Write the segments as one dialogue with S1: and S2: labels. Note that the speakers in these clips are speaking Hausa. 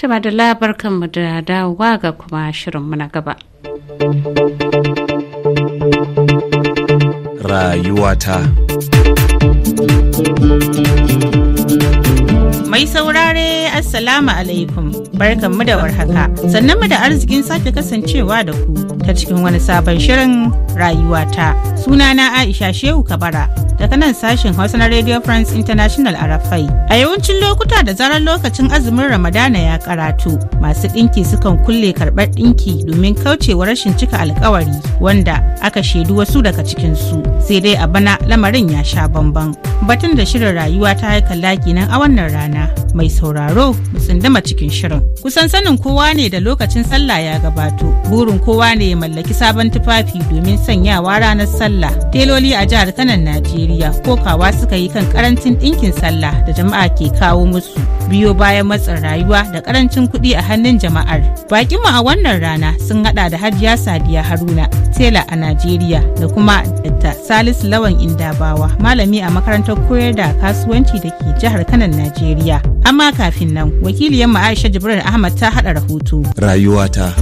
S1: Tuma da labarkanmu mu da dawowa ga kuma shirin mu na gaba.
S2: Rayuwata
S3: Mai saurare Assalamu alaikum barkan da warhaka sannan mu da arzikin sake kasancewa da ku. ta cikin wani sabon shirin rayuwata. Sunana Aisha Shehu Kabara daga nan sashen Hausa na Radio France International a Rafai. A yawancin lokuta da zarar lokacin azumin Ramadana ya karatu, masu ɗinki sukan kulle karɓar ɗinki domin kaucewa rashin cika alkawari wanda aka shaidu wasu daga cikin su Sai dai a bana lamarin ya sha bamban. Batun da shirin rayuwa ta ya kalla kenan a wannan rana. Mai sauraro tsindima cikin shirin. Kusan sanin kowa ne da lokacin sallah ya gabato. Burin kowa ne mallaki sabon tufafi domin sanyawa ranar sallah teloli a jihar kanan najeriya kokawa suka yi kan karancin ɗinkin sallah da jama'a ke kawo musu biyo bayan matsin rayuwa da karancin kuɗi a hannun jama'ar bakinmu a wannan rana sun hada da hajiya sadiya haruna tela a najeriya da kuma dr salisu lawan indabawa malami a makarantar koyar da kasuwanci da ke jihar kanan najeriya amma kafin nan wakiliyar aisha jibril ahmad ta hada rahoto
S2: rayuwata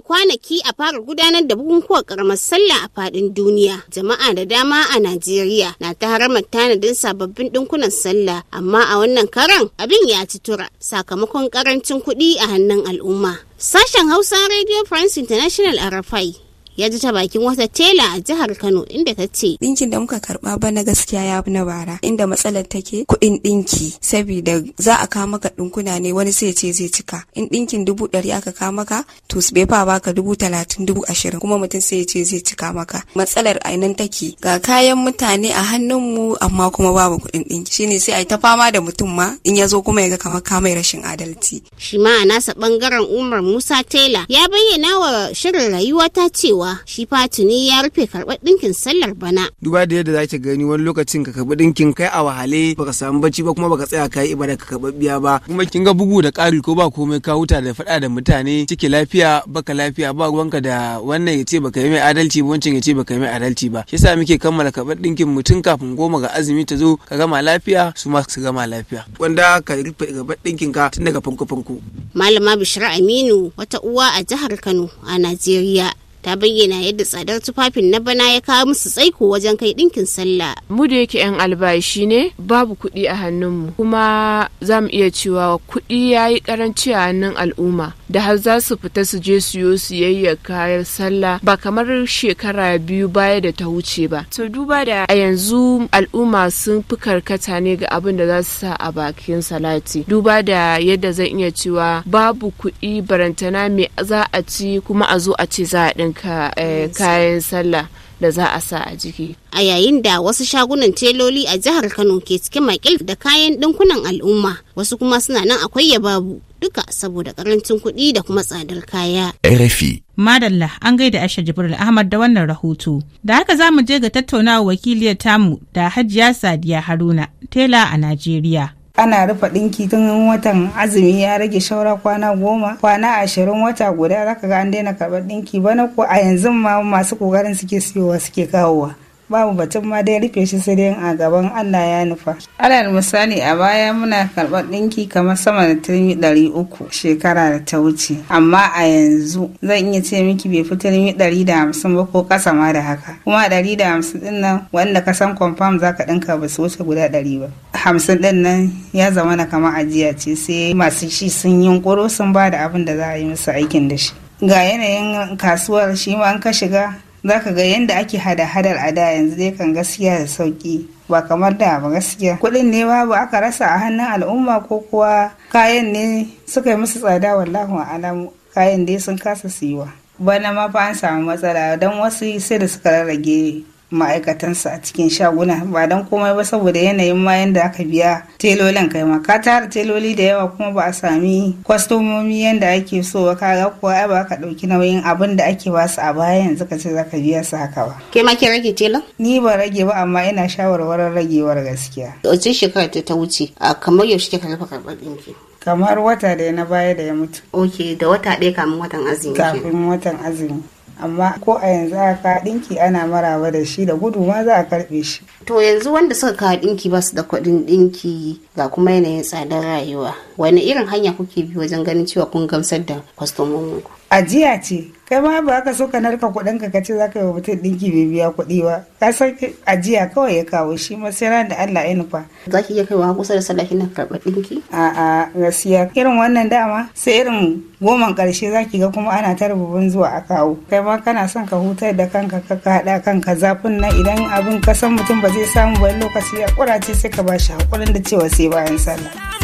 S1: kwanaki a fara gudanar da bukukuwan karamar sallah a fadin duniya. Jama'a da dama a Najeriya na ta haramar tanadin sababbin dinkunan sallah amma a wannan karan abin ya ci tura sakamakon karancin kuɗi a hannun al'umma. Sashen Hausa Radio France International RFI. ya ji ta bakin wata tela a jihar Kano inda ta ce ɗinkin da muka karɓa na gaskiya ya na bara inda matsalar take kuɗin ɗinki saboda
S4: za a kawo maka ɗinkuna ne wani sai ce zai cika in ɗinkin dubu ɗari aka kawo maka to su fa baka dubu talatin dubu ashirin kuma mutum sai ce zai cika maka matsalar a nan take ga kayan mutane a hannunmu amma kuma babu kuɗin ɗinki shine sai a yi ta fama da mutum ma in ya zo kuma ya ga kamar kamai rashin adalci.
S1: shi ma a nasa bangaren umar musa tela ya bayyana wa shirin rayuwa ta cewa kuwa shi fatuni ya rufe karɓar ɗinkin sallar bana.
S2: Duba da yadda zaki gani wani lokacin ka karɓi ɗinkin kai a wahale baka samu bacci ba kuma baka tsaya ka yi ibada ka karɓar biya ba kuma kin ga bugu da ƙari ko ba komai ka huta da faɗa da mutane ciki lafiya baka lafiya ba ruwanka da wannan ya ce baka yi mai adalci ba wancan ya ce baka yi mai adalci ba shi yasa muke kammala karɓar ɗinkin mutum kafin goma ga azumi ta zo ka gama lafiya su ma su gama lafiya wanda ka rufe karɓar ɗinkin ka tun daga farko farko.
S1: Malama Bishira Aminu wata uwa a jihar Kano a Najeriya ta bayyana yadda tsadar tufafin na bana ya kawo musu tsaiko wajen kai ɗinkin sallah. Mu da yake 'yan albashi ne babu kuɗi a hannunmu kuma za mu iya cewa kuɗi ya yi ƙaranci a hannun al'umma da har za su fita su je siyo siyayya kayan sallah ba kamar shekara biyu baya da ta wuce ba. To duba da a yanzu al'umma sun fi karkata ne ga abin da za su sa a bakin salati. Duba da yadda zan iya cewa babu kuɗi barantana me za a ci kuma a zo a ce za a ɗinka. ka eh, kayan sallah da za a sa a jiki. A yayin da wasu shagunan teloli a jihar Kano ke cikin makil da kayan ɗinkunan al'umma wasu kuma suna nan akwai ya babu duka saboda karancin kuɗi da kuma tsadar kaya.
S3: RFI. Madalla an gaida Aisha Jibril Ahmad da wannan rahoto. Da haka za mu je ga tattaunawa wakiliyar tamu da Hajiya Sadiya Haruna tela a Najeriya.
S4: ana rufe ɗinki tun watan azumi ya rage shaura kwana goma kwana ashirin wata guda zaka ga an daina karɓar ɗinki bana ko a yanzu ma masu ƙoƙarin suke siyowa suke kawowa babu batun ma dai rufe shi sai dai a gaban Allah ya nufa. Alal misali a baya muna karɓar ɗinki kamar sama da tirmi ɗari uku shekara da ta wuce. Amma a yanzu zan iya ce miki bai fi tirmi ɗari da hamsin ba ko ƙasa ma da haka. Kuma ɗari da hamsin ɗin nan wanda ka san kwamfam za ka ɗinka ba su wuce guda ɗari ba. hamsin din nan ya zama na kama ajiya ce sai masu shi sun yi yunkuro sun ba da abin da za a yi musu aikin da shi ga yanayin kasuwar shi ma an ka shiga za ka ga yadda ake hada-hadar a da yanzu dai kan gaskiya da sauki ba kamar da ba gaskiya kuɗin ne babu aka rasa a hannun al'umma ko kuwa kayan ne suka yi musu tsada wallahu alamu kayan dai sun kasa siwa bana ma fa an samu matsala don wasu sai da suka rarrage ma'aikatansa a cikin shaguna ba don komai ba saboda yanayin ma yadda aka biya telolin kai ma ka tara teloli da yawa kuma ba a sami kwastomomi yadda ake so ba kaga kuwa ai ba ka dauki nauyin abin da ake ba su a baya yanzu ka ce zaka biya su haka ba ke ma ke rage telo ni ba rage ba amma ina shawarwarin ragewar gaskiya wace shekara ta ta wuce kamar yaushe kika rufe
S1: karɓar ɗinki
S4: kamar wata da na baya da ya mutu ok da wata ɗaya kamin watan azumi kafin watan azumi amma ko a yanzu aka ɗinki ana maraba da shi da gudu ma za a
S1: karɓe shi. To yanzu wanda suka kawo ɗinki ba su da kuɗin ɗinki ga kuma yanayin tsadar rayuwa wani irin hanya kuke bi wajen ganin cewa kun gamsar da kwastomomin ku. ajiya
S4: ce kai ma ba ka so ka narka kuɗin ka kace za ka yi wa mutum ɗinki bai biya kuɗi ba ka san ajiya kawai ya kawo shi ma sai ran da Allah ya nufa za ki iya kaiwa kusa da sallah kina karɓa ɗinki a'a gaskiya irin wannan dama sai irin goman ƙarshe za ki ga kuma ana ta rububin zuwa a kawo kai ma kana son ka hutar da kanka ka haɗa kanka zafin nan idan abin ka san mutum ba zai samu ba lokaci ya ce sai ka ba shi haƙurin da cewa sai bayan sallah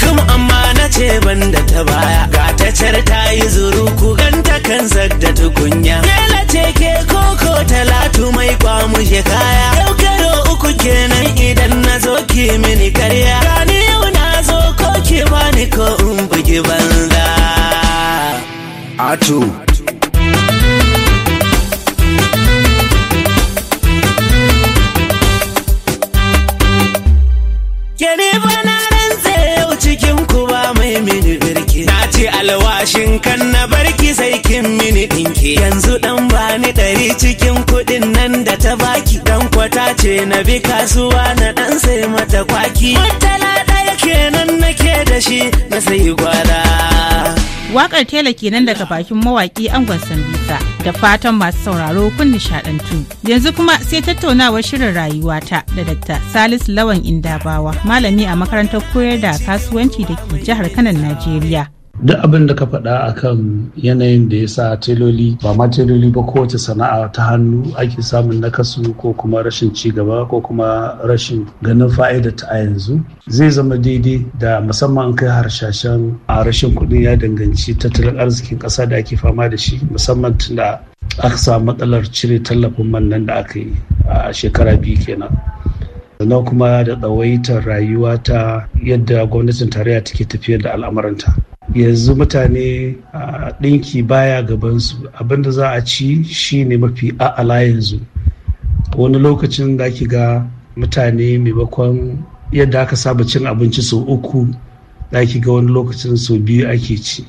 S2: kuma amma na ce banda ta baya ga ta car ta yi zuru ku ganta kan da tukunya. Nela ce ke koko ta kan na barki sai kin mini dinki yanzu dan bani dari cikin kudin nan da ta baki dan kwata ce na bi kasuwa na dan sai mata kwaki mutala daya kenan
S4: nake da shi na sai gwada
S3: Wakar tela kenan daga bakin mawaki angon Sambisa da fatan masu sauraro kun nishadantu. Yanzu kuma sai tattaunawar shirin rayuwata da Dr. Salisu Lawan Indabawa, malami a makarantar koyar da kasuwanci da ke jihar Kanan Najeriya.
S2: duk abin da ka faɗa akan yanayin da ya sa teloli ba ma teloli ba kowace sana'a ta hannu ake samun nakasu ko kuma rashin ci ko kuma rashin ganin fa'ida ta a yanzu zai zama daidai da musamman kai harshashen a rashin kuɗin ya danganci tattalin arzikin ƙasa da ake fama da shi musamman tunda aka samu matsalar cire tallafin man nan da aka yi a shekara biyu kenan sannan kuma da tsawaitar rayuwa ta yadda gwamnatin tarayya take tafiyar da al'amuranta yanzu mutane a ɗinki baya gaban gabansu abinda za a ci shi ne mafi a'ala yanzu wani lokacin da ki ga mutane maimakon yadda aka saba cin abinci sau uku da ki ga wani lokacin sau biyu ake ci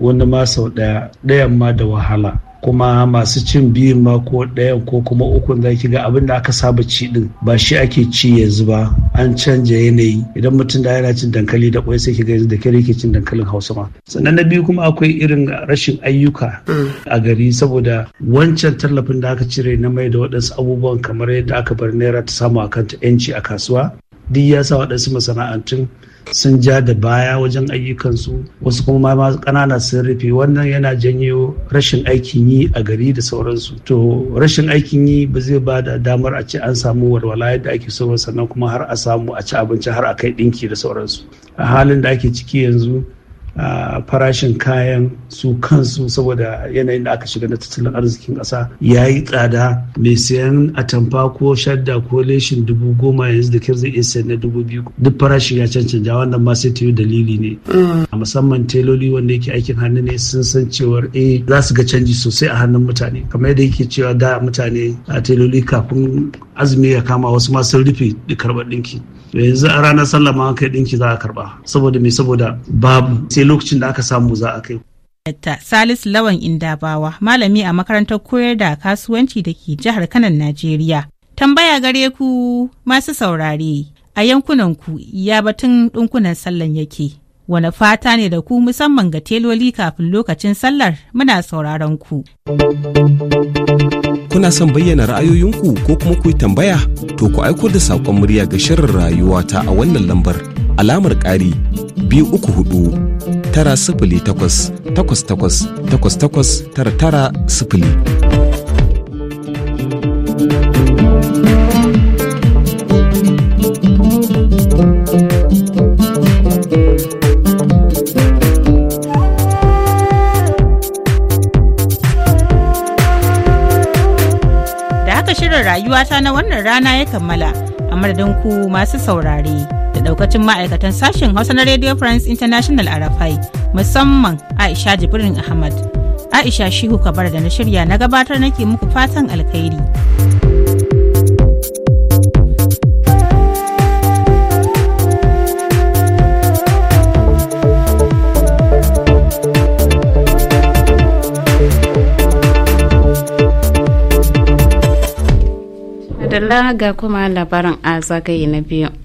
S2: wani ma sau ɗaya ɗayan ma da wahala kuma masu cin biyun ma ko ɗayan ko kuma ukun za ki ga abin da aka saba ci din ba shi ake ci yanzu ba an canja yanayi idan mutum da yana cin dankali da kwai sai ki ga da kere yake cin dankalin hausa ma sannan na biyu kuma akwai irin rashin ayyuka a gari saboda wancan tallafin da aka cire na mai da waɗansu abubuwan kamar yadda aka bar naira ta samu a kanta 'yanci a kasuwa duk ya sa waɗansu masana'antun sun ja da baya wajen ayyukansu wasu kuma ma kanana sun rufe wannan yana janyo rashin aikin yi a gari da sauransu to rashin aikin yi ba zai ba da damar a ce an samu walwala yadda ake so sannan kuma har a samu a ci abinci har a kai ɗinki da sauransu a halin da ake ciki yanzu A farashin kayan su kansu saboda yanayin da aka shiga na tattalin arzikin ƙasa ya yi tsada mai sayan atamfa ko shadda ko leshin dubu goma yanzu da kyar iya sayan na dubu biyu duk farashin ya cancanta wannan ma sai yi dalili ne A musamman teloli wanda yake aikin hannu ne sun san cewar eh za su ga canji sosai a hannun mutane kamar yadda yake cewa da mutane a teloli kafin azumi ya kama wasu ma sun rufe karɓar ɗinki yanzu a ranar sallah ma kai ɗinki za a karɓa saboda me saboda babu sai lokacin da aka samu za a kai
S3: Salisu Lawan Indabawa, malami a makarantar koyar da kasuwanci da ke jihar Kanan, Najeriya. Tambaya gare ku masu saurare, a yankunan ku ya batun ɗunkunan sallan yake. Wane fata ne da ku musamman ga teloli kafin lokacin sallar muna sauraron ku.
S2: kuna son bayyana ra'ayoyinku ko kuma ku yi tambaya to ku aiko da saƙon murya ga shirin rayuwa ta a wannan lambar alamar ƙari biyu uku hudu tara sifili takwas takwas takwas takwas takwas tara tara sifili.
S3: haka shirin rayuwata na wannan rana ya kammala a madadin ku masu saurare da daukacin ma'aikatan sashen hausa na radio france international a arafai musamman aisha jibrin ahmad aisha shihu kabar da na shirya na gabatar nake muku fatan alkhairi
S1: Yola ga kuma labarin a zagaye na biyu.